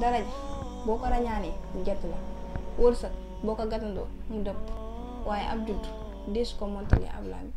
daraja boo ko rañaanee jet jett la wërsëg boo ko gàttandoo mu dëpp waaye am judd diis ko montali ab laami